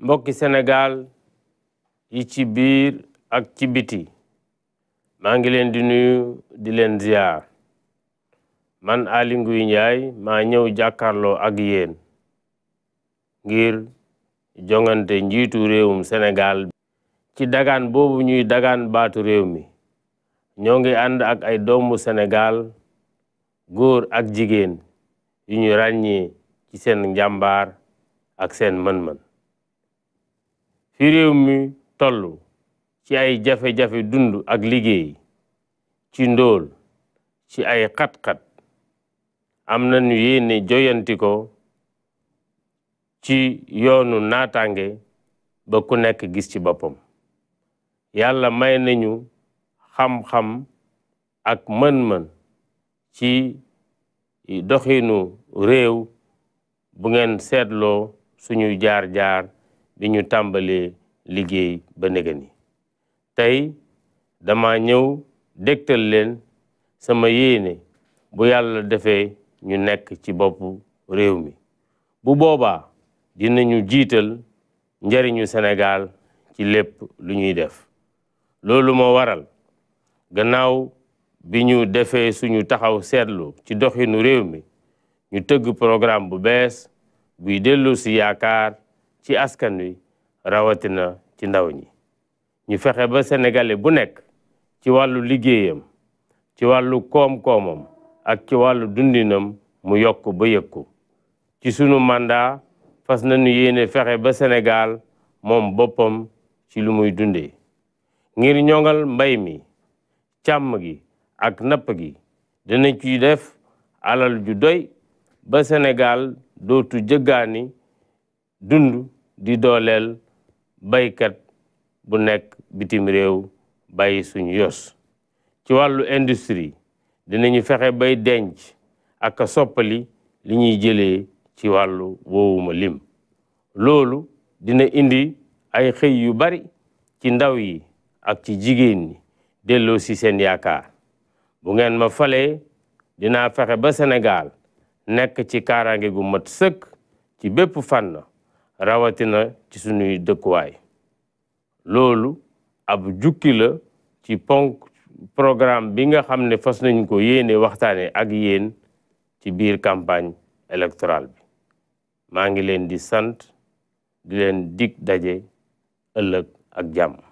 mbokki Sénégal yi ci biir ak ci biti maa ngi leen di nuyu di leen ziar man Aly Ngouille Ndiaye maa ñëw jàkkaarloo ak yéen ngir jongante njiitu réewum Sénégal ci dagaan boobu ñuy dagaan baatu réew mi ñoo ngi ànd ak ay doomu Sénégal góor ak jigéen yu ñu ràññee ci seen njàmbaar ak seen mën-mën fi réew mi toll ci ay jafe-jafe dund ak liggéey ci ndool ci ay xat-xat am nañu yéene joyanti ko ci yoonu naataange ba ku nekk gis ci boppam yàlla may nañu xam-xam ak mën-mën ci doxinu réew bu ngeen seetloo suñu jaar-jaar bi ñu tàmbalee liggéey ba nega ni tey dama ñëw dégtal leen sama yéene bu yàlla defee ñu nekk ci boppu réew mi bu boobaa dinañu jiital njariñu Sénégal ci lépp lu ñuy def loolu moo waral gannaaw bi ñu defee suñu taxaw seetlu ci doxinu réew mi ñu tëgg programme bu bees buy dellu si yaakaar ci askan wi rawatina ci ndaw ñi ñu fexe ba sénégalais bu nekk ci wàllu liggéeyam ci wàllu koom-koomam ak ci wàllu dundinam mu yokk ba yëg ko ci sunu màndaa fas na nañu yéene fexe ba Sénégal moom boppam ci lu muy dundee ngir ñoŋal mbay mi càmm gi ak napp gi dina ci def alal ju doy ba Sénégal dootu jëggaani dund di dooleel baykat bu nekk bitim réew bàyyi suñu yos ci wàllu industrie dinañu fexe bay denc ak a soppali li ñuy jëlee ci wàllu woowuma lim loolu dina indi ay xëy yu bari ci ndaw yi ak ci jigéen ñi delloo si seen yaakaar bu ngeen ma falee dinaa fexe ba Sénégal nekk ci kaaraange gu mat sëkk ci bépp fànn rawatina ci sunuy dëkkuwaay loolu ab jukki la ci ponk programme bi nga xam ne fas nañ ko yéene waxtaane ak yéen ci biir campagne électorale bi maa ngi leen di sant di leen dig daje ëllëg ak jàmm